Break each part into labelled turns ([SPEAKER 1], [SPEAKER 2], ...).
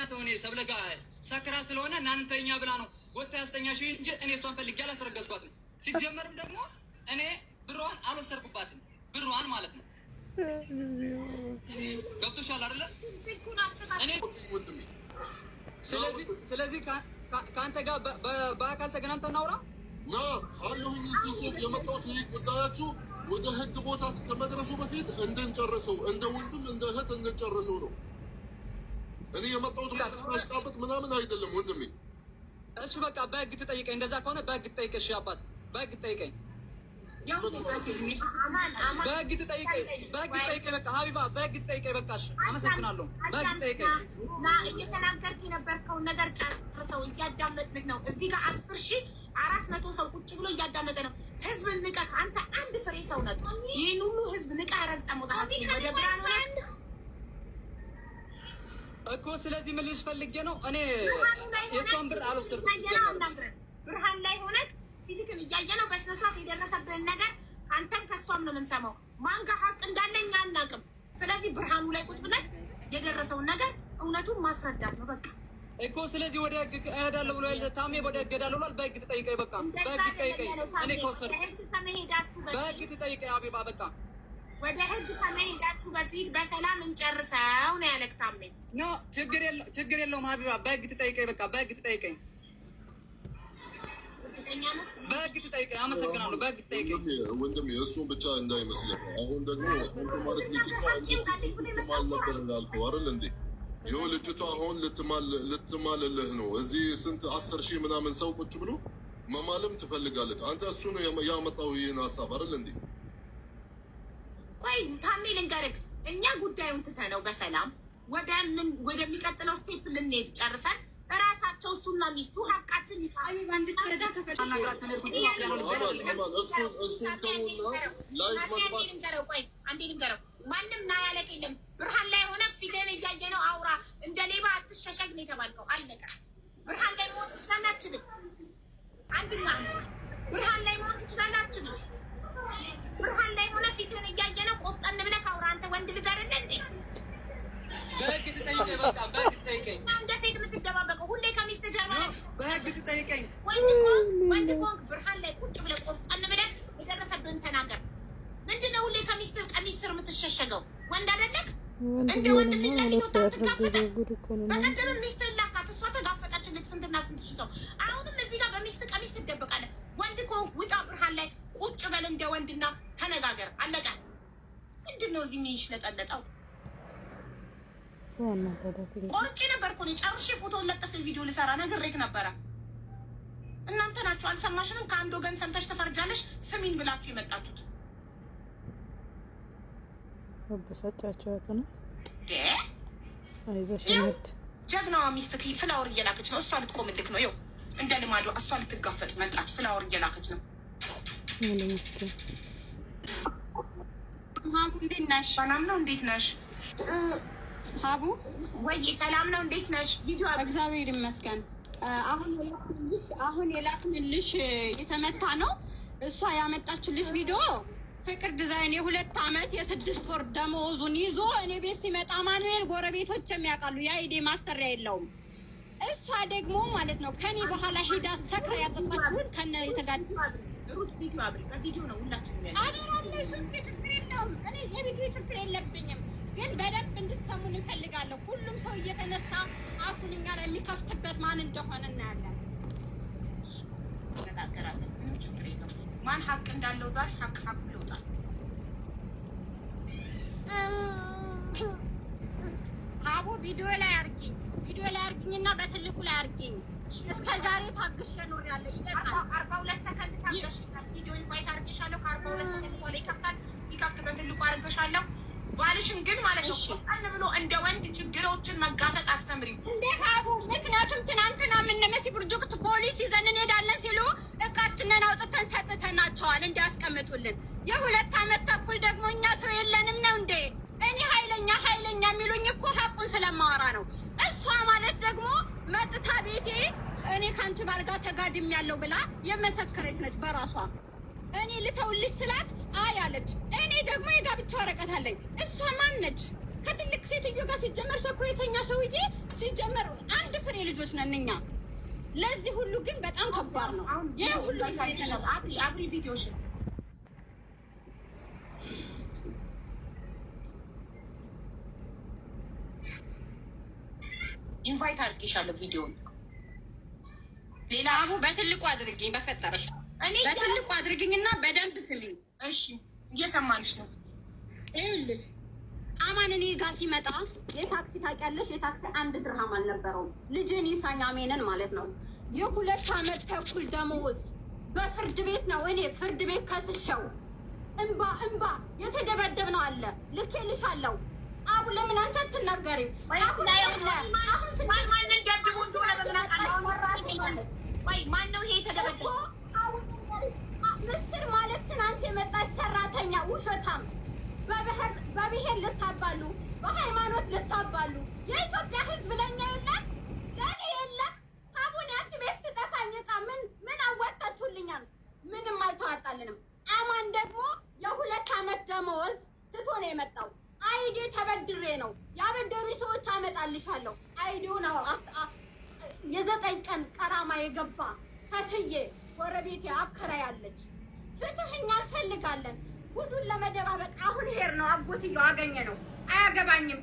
[SPEAKER 1] ምክንያት ሆኔ ሰብለጋ ሰክራ ስለሆነ እናንተኛ ብላ ነው ወታ ያስተኛሽ እንጂ እኔ እሷን ፈልጌ አላስረገዝኳትም። ሲጀመርም ደግሞ እኔ ብሯን አልወሰድኩባትም። ብሯን ማለት ነው። ገብቶሻል አይደለ? ስለዚህ ከአንተ ጋር በአካል ተገናንተ እናውራ
[SPEAKER 2] ና አለሁኝ። እዚህ ስል የመጣሁት ይህ ጉዳያችሁ ወደ ህግ ቦታ ከመድረሱ በፊት እንድንጨርሰው እንደ ወንድም እንደ እህት እንድንጨርሰው ነው። እኔ የመጣሁት ማሽቃበጥ ምናምን አይደለም ወንድሜ።
[SPEAKER 1] እሺ በቃ በህግ ትጠይቀኝ። እንደዛ ከሆነ በህግ ትጠይቀኝ። እሺ አባት በህግ ትጠይቀኝ፣
[SPEAKER 3] በህግ ትጠይቀኝ፣
[SPEAKER 1] በህግ ትጠይቀኝ። በቃ ሀቢባ በህግ ትጠይቀኝ። በቃ እሺ፣ አመሰግናለሁ። በህግ ትጠይቀኝ።
[SPEAKER 3] ና እየተናገርክ የነበርከውን ነገር ጨርሰው፣ እያዳመጥንህ ነው። እዚህ ጋር አስር ሺህ አራት መቶ ሰው ቁጭ ብሎ እያዳመጠ ነው። ህዝብ ንቀህ አንተ አንድ ፍሬ ሰው ነህ። ይህን ሁሉ ህዝብ ንቀህ ረግጠህ መውጣት ወደ ብርሃን
[SPEAKER 1] እኮ ስለዚህ ምን ልልሽ ፈልጌ ነው እኔ
[SPEAKER 3] የእሷን ብር አልወሰድኩም። ብርሃን ላይ ሆነህ ፊትክን እያየ ነው በስነ ስርዓት የደረሰብህን ነገር አንተም ከእሷም ነው የምንሰማው። ማን ጋር ሀቅ እንዳለ እኛ አናውቅም። ስለዚህ ብርሃኑ ላይ ቁጭ ብለህ የደረሰውን ነገር እውነቱን ማስረዳት ነው በቃ
[SPEAKER 1] እኮ ስለዚህ ወደ ህግ እሄዳለሁ ብሎ ያለ ታሜ ወደ ህግ እሄዳለሁ ብሏል። በህግ ትጠይቀኝ፣ በቃ በህግ ትጠይቀኝ። እኔ ከወሰድኩ በህግ ትጠይቀኝ። አቢባ በቃ
[SPEAKER 3] ወደ ህግ ከመሄዳችሁ በፊት በሰላም እንጨርሰው ነው ያለክ። ታሜ
[SPEAKER 1] ኖ ችግር የለውም ሀቢባ፣ በህግ ትጠይቀኝ። በቃ በህግ ትጠይቀኝ፣ በህግ ትጠይቀኝ። አመሰግናለሁ። በህግ ትጠይቀኝ
[SPEAKER 2] ወንድሜ፣ እሱ ብቻ እንዳይመስልህ። አሁን ደግሞ ማለት ይኸው ልጅቷ አሁን ልትማልልህ ነው። እዚህ ስንት አስር ሺህ ምናምን ሰው ቁጭ ብሎ መማልም ትፈልጋለች። አንተ እሱ ነው ያመጣው ይህን ሀሳብ አይደል እንዴ?
[SPEAKER 3] ቆይ ታሜ ልንገርህ፣ እኛ ጉዳዩን ትተነው በሰላም ወደሚቀጥለው ስቴፕ ልንሄድ ጨርሰን እራሳቸው እሱና ሚስቱ ሀቃችን አንዴ ማንም ና የለም። ብርሃን ላይ ሆነ ፊትን እያየ ነው አውራ፣ እንደ ሌባ አትሸሸግ ነው የተባልከው። አለቀ። ብርሃን ላይ መሆን ትችላላችንም፣ አንድና ብርሃን ላይ መሆን ትችላላችንም ብርሃን ላይ ሆነ ፊትህን እያየ ነው። ቆፍጠን ብለህ ካውራ አንተ ወንድ ልጅ አይደለ እንዴ?
[SPEAKER 1] በህግ ትጠይቀኝ። በቃ በህግ ትጠይቀኝ።
[SPEAKER 3] እንደ ሴት የምትደባበቀው ሁሌ ከሚስት ጀርባ
[SPEAKER 1] በህግ ትጠይቀኝ።
[SPEAKER 3] ወንድ ኮንክ ወንድ ኮንክ ብርሃን ላይ ቁጭ ብለህ ቆፍጠን ብለህ የደረሰብህን ተናገር። ምንድን ነው ሁሌ ከሚስት ቀሚስ ስር የምትሸሸገው? ወንድ አይደለህ እንደ ወንድ ፊት ለፊት ወጣ ትጋፈጠ። በቀደምም ሚስትህን ላካት፣ እሷ ተጋፈጠችልህ። ስንት ለጠለጠው ቆርጬ ነበር እኮ እኔ ጨርሼ ፎቶውን ለጥፌ ቪዲዮ ልሰራ ነግሬክ ነበረ። እናንተ ናችሁ አልሰማሽንም። ከአንድ ወገን ሰምተሽ ትፈርጃለሽ፣ ስሚን ብላችሁ የመጣችሁት
[SPEAKER 4] በሰጫቸው ነው።
[SPEAKER 3] ጀግናዋ ሚስት ፍላወር እየላከች ነው። እሷ ልትቆምልክ ነው። ይኸው እንደ ልማዷ እሷ ልትጋፈጥ መጣች። ፍላወር እየላከች ነው። ሀቡ እንዴት ነሽ?
[SPEAKER 1] ሰላም ነው። እንዴት ነሽ
[SPEAKER 3] ሀቡ? ወይ ሰላም ነው። እንዴት ነሽ? ቪዲዮ
[SPEAKER 4] እግዚአብሔር ይመስገን። አሁን የላክንልሽ አሁን የላክንልሽ የተመታ ነው። እሷ ያመጣችልሽ ቪዲዮ ፍቅር ዲዛይን የሁለት አመት የስድስት ወር ደመወዙን ይዞ እኔ ቤት ሲመጣ ማኑኤል ጎረቤቶች የሚያውቃሉ። የአይዴ ማሰሪያ የለውም። እሷ ደግሞ ማለት ነው ከኔ በኋላ ሄዳ ሰክራ ያጠጣችሁን ከነ የተጋድ
[SPEAKER 3] ሩት ቪዲዮ አብሪ በቪዲዮ ነው ሁላችን ያለ የለውም። እኔ የቪዲዮ ችግር የለብኝም፣ ግን በደንብ እንድትሰሙን እንፈልጋለሁ። ሁሉም ሰው እየተነሳ አፉን እኛ ላይ የሚከፍትበት ማን እንደሆነ እናያለን፣ እንነጋገራለን። ችግር የለውም። ማን ሀቅ እንዳለው ዛሬ ሀቅ ሀቁ ይወጣል። ሀቡ ቪዲዮ ላይ አርጊኝ ቪዲዮ ላይ አርግኝና በትልቁ ላይ አርግኝ። እስከ ዛሬ ታግሼ ኖሬያለሁ። ይበቃል። አርባ ሁለት ሰከንድ ታግሼሻል። ቪዲዮ ኢንቫይት አድርጌሻለሁ። ከአርባ ሁለት ሰከንድ በኋላ ይከፍታል። ሲከፍት በትልቁ አድርጌሻለሁ። ባልሽም ግን ማለት ነው ቀን ብሎ እንደ ወንድ ችግሮችን መጋፈጥ አስተምሪ እንደ ሀቡ። ምክንያቱም ትናንትና የምንመሲ ብርጅክት ፖሊስ ይዘን እንሄዳለን ሲሉ እቃችንን አውጥተን ሰጥተናቸዋል እንዲያስቀምጡልን። የሁለት አመት ተኩል ደግሞ እኛ ሰው የለንም ነው እንዴ? እኔ ኃይለኛ ኃይለኛ የሚሉኝ እኮ ሀቁን ስለማወራ ነው። እሷ ማለት ደግሞ መጥታ ቤቴ እኔ ከአንቺ ባል ጋር ተጋድም ያለው ብላ የመሰከረች ነች በራሷ። እኔ ልተውልሽ ስላት አይ አለች። እኔ ደግሞ የጋብቻ ወረቀት አለኝ። እሷ ማን ነች? ከትልቅ ሴትዮ ጋር ሲጀመር ሰኩ የተኛ ሰውዬ ሲጀመር አንድ ፍሬ ልጆች ነን እኛ። ለዚህ ሁሉ ግን በጣም ከባድ ነው። ይህ ሁሉ
[SPEAKER 1] አብሪ ኢንቫይት አድርጌሻለሁ ቪዲዮን
[SPEAKER 4] ሌላ አቡ በትልቁ አድርግኝ በፈጠረሽ እኔ በትልቁ አድርግኝ አድርግኝና በደንብ ስሚኝ
[SPEAKER 1] እሺ እየሰማንሽ ነው
[SPEAKER 3] ይኸውልሽ አማን እኔ ጋር ሲመጣ የታክሲ ታውቂያለሽ የታክሲ አንድ ድርሃም አልነበረውም ልጅን ይሳኝ አሜንን ማለት ነው የሁለት አመት ተኩል ደመወዝ በፍርድ ቤት ነው እኔ ፍርድ ቤት ከስሸው እንባ እንባ የተደበደብ ነው አለ ልኬልሻለሁ አቡ ለምን አንቺ አትናገሪም? ማነው ይሄ የተደበደበ? ምስር ማለት ትናንት የመጣች ሰራተኛ ውሸታም፣ በብሔር ልታባሉ፣ በሃይማኖት ልታባሉ የኢትዮጵያ ሕዝብ ለኛ የለም ለእኔ የለም አሳይሻለሁ። አይዲው ነው የዘጠኝ ቀን ቀራማ የገባ ከትዬ ጎረቤቴ አከራያለች። ፍትህ እኛ እንፈልጋለን። ሁሉን ለመደባበቅ አሁን ሄር ነው አጎትየው አገኘ ነው አያገባኝም።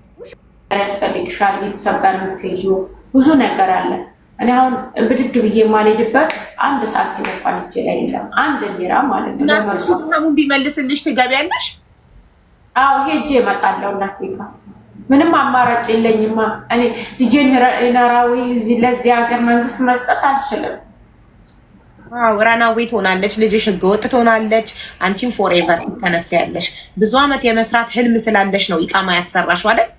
[SPEAKER 5] ያስፈልግሻል ቤተሰብ ጋር የምትይዥው ብዙ ነገር አለ። እኔ አሁን ብድግ ብዬ የማልሄድበት አንድ ሰዓት እንኳን እጄ ላይ የለም። አንድ ሌራ ማለት ነው።
[SPEAKER 3] ናስሽ ቢመልስልሽ ትገቢያለሽ?
[SPEAKER 5] አዎ ሄጄ እመጣለሁ እናቴ ጋር ምንም አማራጭ የለኝማ። እኔ ልጄን ራዊ ለዚህ ሀገር መንግስት መስጠት አልችልም።
[SPEAKER 3] ረናዊ ትሆናለች፣ ልጅሽ ህገወጥ ትሆናለች። አንቺን ፎርኤቨር ትከነሳያለሽ። ብዙ አመት የመስራት ህልም ስላለሽ ነው ኢቃማ ያሰራሽው አይደል?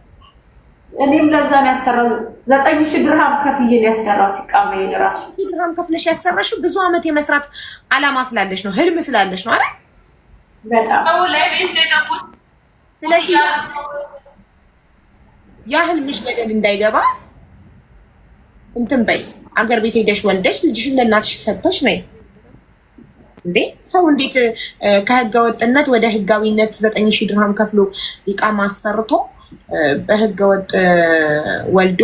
[SPEAKER 5] እኔም ለዛ ነው ያሰራው። ዘጠኝ ሺ ድርሃም ከፍዬን ያሰራት ኢቃማ ራሱ
[SPEAKER 3] ድርሃም ከፍለሽ ያሰራሽ ብዙ አመት የመስራት አላማ ስላለሽ ነው፣ ህልም ስላለሽ ነው አይደል?
[SPEAKER 5] በጣም ስለዚህ
[SPEAKER 3] ምሽ ገደል እንዳይገባ እንትን በይ። አገር ቤት ሄደሽ ወልደሽ ልጅሽን ለእናትሽ ሰጥተሽ ነይ። እንዴ ሰው እንዴት ከህገ ወጥነት ወደ ህጋዊነት ዘጠኝ ሺህ ድርሃም ከፍሎ ይቃማ አሰርቶ በህገ ወጥ ወልዶ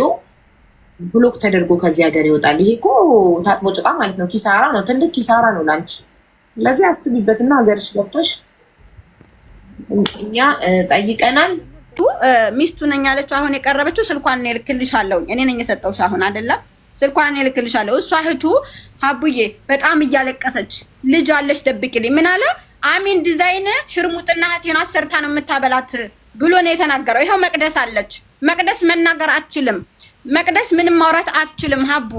[SPEAKER 3] ብሎክ ተደርጎ ከዚህ ሀገር ይወጣል። ይሄ እኮ ታጥቦ ጭቃ ማለት ነው። ኪሳራ ነው፣ ትልቅ ኪሳራ ነው ላንቺ። ስለዚህ አስቢበትና ሀገርሽ ገብተሽ እኛ ጠይቀናል። ሚስቱ ነኝ ያለችው አሁን የቀረበችው ስልኳን እኔ እልክልሻለሁ። እኔ ነኝ የሰጠው አሁን አይደለም። ስልኳን እኔ እልክልሻለሁ። እሷ እህቱ ሀቡዬ በጣም እያለቀሰች ልጅ አለች ደብቂልኝ፣ ምን አለ አሚን ዲዛይን ሽርሙጥና እህቴን አሰርታ ነው የምታበላት ብሎ ነው የተናገረው። ይኸው መቅደስ አለች። መቅደስ መናገር አትችልም። መቅደስ ምንም ማውራት አትችልም። ሀቡ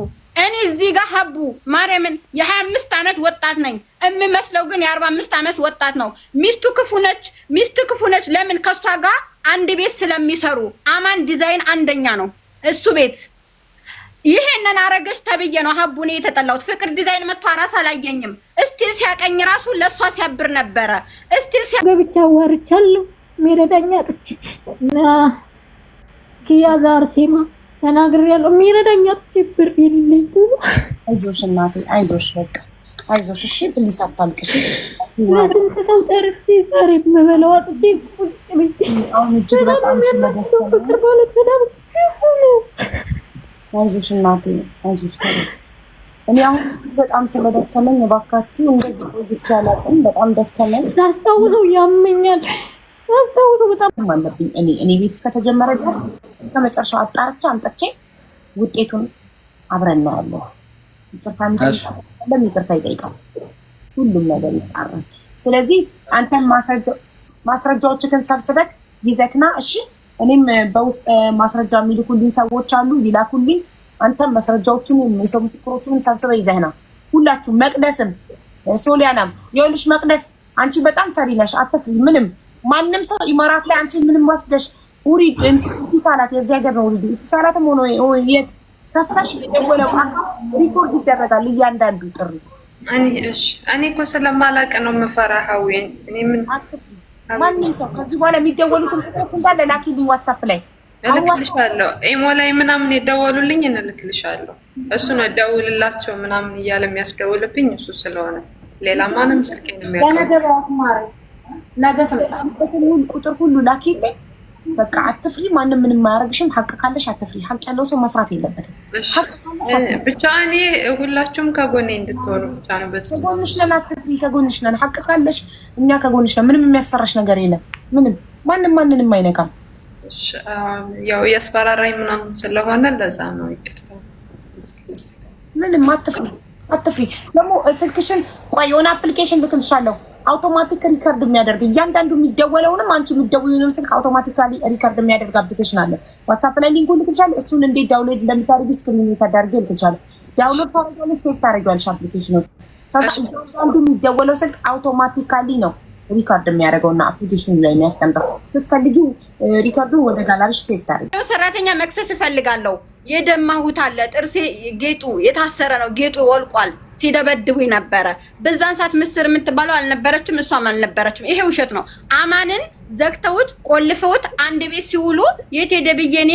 [SPEAKER 3] እኔ እዚህ ጋር ሀቡ ማርያምን የሀያ አምስት ዓመት ወጣት ነኝ የምመስለው ግን የአርባ አምስት ዓመት ወጣት ነው። ሚስቱ ክፉ ነች። ሚስት ክፉ ነች። ለምን ከእሷ ጋር አንድ ቤት ስለሚሰሩ አማን ዲዛይን አንደኛ ነው እሱ ቤት። ይሄንን አረገች ተብዬ ነው ሀቡኔ የተጠላሁት። ፍቅር ዲዛይን መጥቶ አራስ አላየኝም። እስቲል ሲያቀኝ ራሱ ለእሷ ሲያብር ነበረ። እስቲል
[SPEAKER 4] ገብቻ አዋርቻለሁ። ሚረዳኝ አጥቼ ኪያዛ አርሴማ ተናግሬያለሁ። ሚረዳኝ አጥቼ ብር የሌለኝ
[SPEAKER 5] አይዞሽ እናቴ አይዞሽ፣ በቃ አይዞሽ። እሺ ፕሊስ አታልቅሽ።
[SPEAKER 4] ስንት ሰው ተርፌ ዛሬ የምበላው አጥቼ ቁጭ
[SPEAKER 5] ብዬ በጣም
[SPEAKER 4] የሚያመው ፍቅር ማለት በጣም ነው።
[SPEAKER 5] አይዞሽ እናቴ አይዞሽ እኔ አሁን በጣም ስለደከመኝ እባካችሁ እንደዚህ ቆይቼ አላውቅም። በጣም ደከመኝ።
[SPEAKER 4] ሳስታውሰው ያመኛል። ሳስታውሰው በጣም
[SPEAKER 5] አለብኝ። እኔ እኔ ቤት እስከተጀመረ ድረስ እስከ አጣርቼ አምጥቼ ውጤቱን አብረን እናያለን። ይቅርታ ይቅርታ ይጠይቃል። ሁሉም ነገር ይጣራል። ስለዚህ አንተም ማስረጃዎችህን ሰብስበህ ይዘክና እሺ። እኔም በውስጥ ማስረጃ የሚልኩልኝ ሰዎች አሉ ይላኩልኝ። አንተም ማስረጃዎቹን የሰው ምስክሮቹን ሰብስበህ ይዘህና ሁላችሁ መቅደስም ሶሊያናም የልሽ መቅደስ አንቺ በጣም ፈሪ ነሽ፣ አትፍሪ። ምንም ማንም ሰው ኢማራት ላይ አንቺ ምንም ወስደሽ ኡሪድ ኢንቲሳላት የዚህ ሀገር ነው ኡሪድ ኢንቲሳላትም ሆኖ ከሳሽ የደወለው ሪኮርድ ይደረጋል እያንዳንዱ ጥሪ እኔ እኮ ስለማላውቅ ነው የምፈራኸው። ማንም ሰው ከዚህ በኋላ የሚደወሉትን ቁጥሮች እንዳለ ላኪልኝ ዋትሳፕ ላይ እልክልሻለሁ። ኢሞ ላይ ምናምን የደወሉልኝ እንልክልሻለሁ። እሱ ነው ደውልላቸው ምናምን እያለ የሚያስደውልብኝ እሱ ስለሆነ ሌላ ማንም ስልክ የሚያውቀው ነገ ሁሉ ላኪልኝ በቃ አትፍሪ፣ ማንም ምንም ማያደርግሽም። ሀቅ ካለሽ አትፍሪ። ሀቅ ያለው ሰው መፍራት የለበትም። ብቻ እኔ ሁላችሁም ከጎኔ እንድትሆኑ ብቻ ነው። በት ከጎንሽ ነን፣ አትፍሪ፣ ከጎንሽ ነን። ሀቅ ካለሽ እኛ ከጎንሽ ነን። ምንም የሚያስፈራሽ ነገር የለም። ምንም ማንም ማንንም አይነካም። ያው እያስፈራራኝ ምናምን ስለሆነ ለዛ ነው። ይቅርታ። ምንም አትፍሪ። አትፍሪ። ደግሞ ስልክሽን ቆይ የሆነ አፕሊኬሽን ልክልሻለሁ አውቶማቲክ ሪከርድ የሚያደርግ እያንዳንዱ የሚደወለውንም አንቺ የሚደውዩንም ስልክ አውቶማቲካሊ ሪከርድ የሚያደርግ አፕሊኬሽን አለ። ዋትሳፕ ላይ ሊንኩ ልክልሻለሁ። እሱን እንዴት ዳውንሎድ እንደምታደርግ ስክሪን ሪከርድ አድርጌ ልክልሻለሁ። ዳውንሎድ ታደርጊዋለሽ፣ ሴፍ ታደርጊዋለሽ አፕሊኬሽኑ። እያንዳንዱ የሚደወለው ስልክ አውቶማቲካሊ ነው ሪከርድ ሪካርድ እና አፕሊኬሽኑ ላይ የሚያስቀምጠው። ስትፈልጊ ሪካርዱን ወደ ጋላሪሽ ሴፍ ታደርጊ። ሰራተኛ መክሰስ እፈልጋለሁ የደማሁት አለ ጥርሴ ጌጡ የታሰረ ነው። ጌጡ ወልቋል። ሲደበድቡ ነበረ። በዛን ሰዓት ምስር የምትባለው አልነበረችም፣ እሷም አልነበረችም። ይሄ ውሸት ነው። አማንን ዘግተውት ቆልፈውት አንድ ቤት ሲውሉ የት ሄደ ብዬ እኔ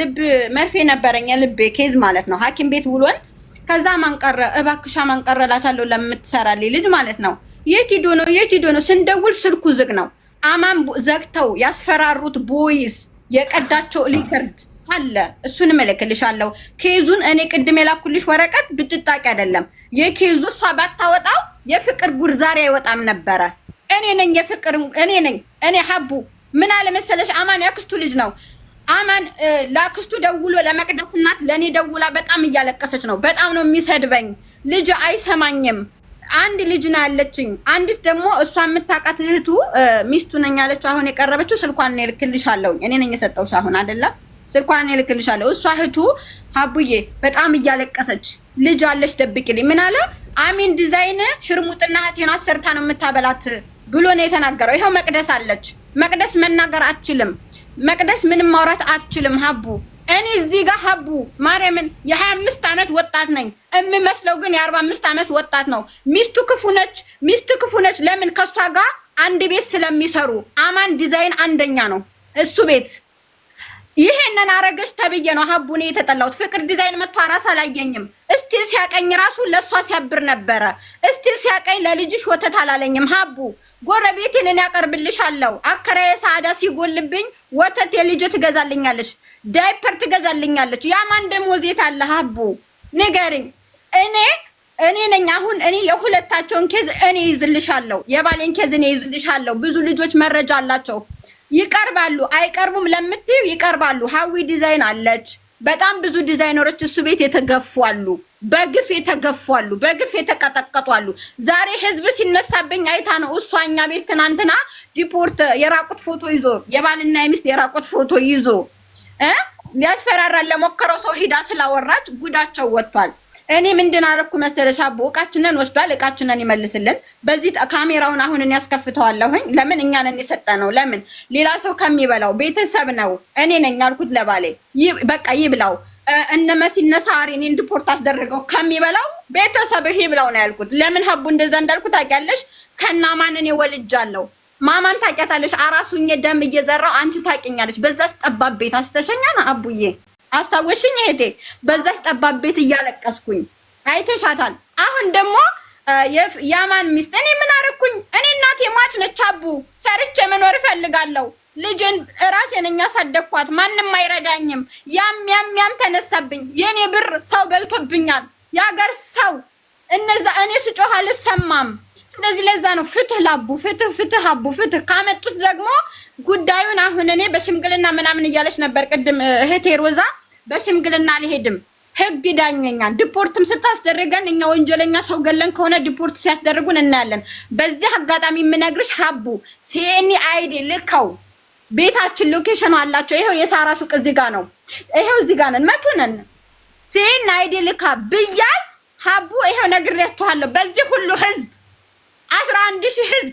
[SPEAKER 5] ልብ መርፌ ነበረኝ ልብ ኬዝ ማለት ነው። ሐኪም ቤት ውሎን ከዛ ማንቀረ እባክሻ ማንቀረላታለሁ ለምትሰራልኝ ልጅ ማለት ነው። የት ሂዶ ነው የት ሂዶ ነው ስንደውል ስልኩ ዝግ ነው። አማን ዘግተው ያስፈራሩት ቦይስ የቀዳቸው ሊከርድ አለ እሱን እልክልሻለሁ። ኬዙን እኔ ቅድም የላኩልሽ ወረቀት ብትጣቂ አይደለም። የኬዙ እሷ ባታወጣው የፍቅር ጉድ ዛሬ አይወጣም ነበረ። እኔ ነኝ የፍቅር እኔ ነኝ እኔ ሀቡ ምን አለ መሰለሽ፣ አማን ያክስቱ ልጅ ነው። አማን ለአክስቱ ደውሎ ለመቅደስ እናት ለእኔ ደውላ በጣም እያለቀሰች ነው። በጣም ነው የሚሰድበኝ ልጅ አይሰማኝም። አንድ ልጅ ነው ያለችኝ። አንዲት ደግሞ እሷ የምታውቃት እህቱ ሚስቱ ነኝ ያለችው አሁን የቀረበችው ስልኳን ነው እልክልሻለሁኝ። እኔ ነኝ የሰጠውሽ አሁን አይደለም ስልኳን እልክልሻለሁ። እሷ እህቱ ሀቡዬ በጣም እያለቀሰች ልጅ አለች ደብቂልኝ፣ ምን አለ አሚን ዲዛይን ሽርሙጥና እህቴን አሰርታ ነው የምታበላት ብሎ ነው የተናገረው። ይኸው መቅደስ አለች። መቅደስ መናገር አትችልም። መቅደስ ምንም ማውራት አትችልም። ሀቡ እኔ እዚህ ጋር ሀቡ ማርያምን የሀያ አምስት ዓመት ወጣት ነኝ የምመስለው ግን የአርባ አምስት ዓመት ወጣት ነው። ሚስቱ ክፉ ነች። ሚስቱ ክፉ ነች። ለምን ከእሷ ጋር አንድ ቤት ስለሚሰሩ አማን ዲዛይን አንደኛ ነው እሱ ቤት ይሄንን አረገች ተብዬ ነው ሀቡኔ የተጠላሁት። ፍቅር ዲዛይን መጥቶ አራስ አላየኝም። እስቲል ሲያቀኝ ራሱ ለእሷ ሲያብር ነበረ። እስቲል ሲያቀኝ ለልጅሽ ወተት አላለኝም። ሀቡ ጎረቤቴን እኔ ያቀርብልሻለሁ። አከራዬ ሰዓዳ ሲጎልብኝ ወተት የልጅ ትገዛልኛለች፣ ዳይፐር ትገዛልኛለች። ያማን ደሞዝ የት አለ ሀቡ ንገርኝ። እኔ እኔ ነኝ አሁን እኔ የሁለታቸውን ኬዝ እኔ ይዝልሻለሁ፣ የባሌን ኬዝ እኔ ይዝልሻለሁ። ብዙ ልጆች መረጃ አላቸው ይቀርባሉ አይቀርቡም ለምትዩ ይቀርባሉ። ሀዊ ዲዛይን አለች። በጣም ብዙ ዲዛይነሮች እሱ ቤት የተገፏሉ፣ በግፍ የተገፏሉ፣ በግፍ የተቀጠቀጧሉ። ዛሬ ህዝብ ሲነሳብኝ አይታ ነው እሷኛ ቤት ትናንትና ዲፖርት የራቁት ፎቶ ይዞ የባልና የሚስት የራቁት ፎቶ ይዞ ሊያስፈራራን ለሞከረው ሰው ሂዳ ስላወራች ጉዳቸው ወጥቷል። እኔ ምንድን አደረኩ መሰለሽ አቦ እቃችንን ወስዷል። እቃችንን ይመልስልን። በዚህ ካሜራውን አሁን እኔ ያስከፍተዋለሁኝ። ለምን እኛን ነው? ለምን ሌላ ሰው ከሚበላው ቤተሰብ ነው። እኔ ነኝ አልኩት ለባሌ በቃ ይብላው። እነ መሲ እነ ሳሪ እኔን ዲፖርት አስደረገው ከሚበላው ቤተሰብህ ይብላው ነው ያልኩት። ለምን ሀቡ እንደዛ እንዳልኩ ታውቂያለሽ። ማን እኔ ወልጃለሁ። ማማን ታውቂያታለሽ። አራሱኝ ደም እየዘራው አንቺ ታውቂኛለሽ። በዛስ ጠባብ ቤት አስተሸኛና አቡዬ አስታወሽኝ እህቴ፣ በዛች ጠባብ ቤት እያለቀስኩኝ አይተሻታል። አሁን ደግሞ የአማን ሚስት እኔ ምን አደረኩኝ? እኔ እናቴ ሟች ነች። አቡ ሰርቼ መኖር እፈልጋለሁ። ልጅን ራሴን እኛ ሳደግኳት፣ ማንም አይረዳኝም። ያም ያም ያም ተነሳብኝ። የኔ ብር ሰው በልቶብኛል። የሀገር ሰው እነዛ እኔ ስጮህ አልሰማም። ስለዚህ ለዛ ነው ፍትህ ላቡ ፍትህ ፍትህ አቡ ፍትህ ካመጡት ደግሞ ጉዳዩን አሁን እኔ በሽምግልና ምናምን እያለች ነበር ቅድም እህቴ ሮዛ በሽምግልና አልሄድም። ህግ ዳኘኛል። ዲፖርትም ስታስደርገን እኛ ወንጀለኛ ሰው ገለን ከሆነ ዲፖርት ሲያስደርጉን እናያለን። በዚህ አጋጣሚ የምነግርሽ ሀቡ ሲኤኒ አይዲ ልከው ቤታችን ሎኬሽን አላቸው። ይሄው የሳራ ሱቅ እዚህ ጋር ነው። ይሄው እዚህ ጋር ነን፣ መቱነን ሲኤኒ አይዲ ልካ ብያዝ ሀቡ ይሄው ነግሬያችኋለሁ። በዚህ ሁሉ ህዝብ አስራ አንድ ሺህ ህዝብ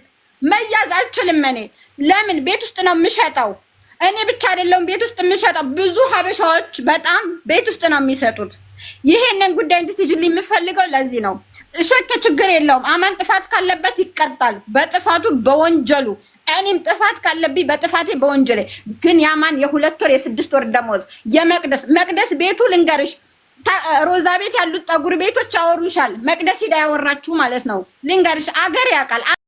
[SPEAKER 5] መያዝ አልችልም እኔ። ለምን ቤት ውስጥ ነው የምሸጠው። እኔ ብቻ አይደለሁም ቤት ውስጥ የምሸጠው። ብዙ ሀበሻዎች በጣም ቤት ውስጥ ነው የሚሰጡት። ይሄንን ጉዳይ እንድትይዥልኝ የምፈልገው ለዚህ ነው። እሸኬ ችግር የለውም። አማን ጥፋት ካለበት ይቀጣል በጥፋቱ በወንጀሉ። እኔም ጥፋት ካለብኝ በጥፋቴ በወንጀሌ። ግን ያማን የሁለት ወር የስድስት ወር ደሞዝ የመቅደስ መቅደስ ቤቱ ልንገርሽ ሮዛ ቤት ያሉት ጠጉር ቤቶች ያወሩሻል። መቅደስ ሂዳ ያወራችሁ ማለት ነው። ልንገርሽ አገር ያውቃል፣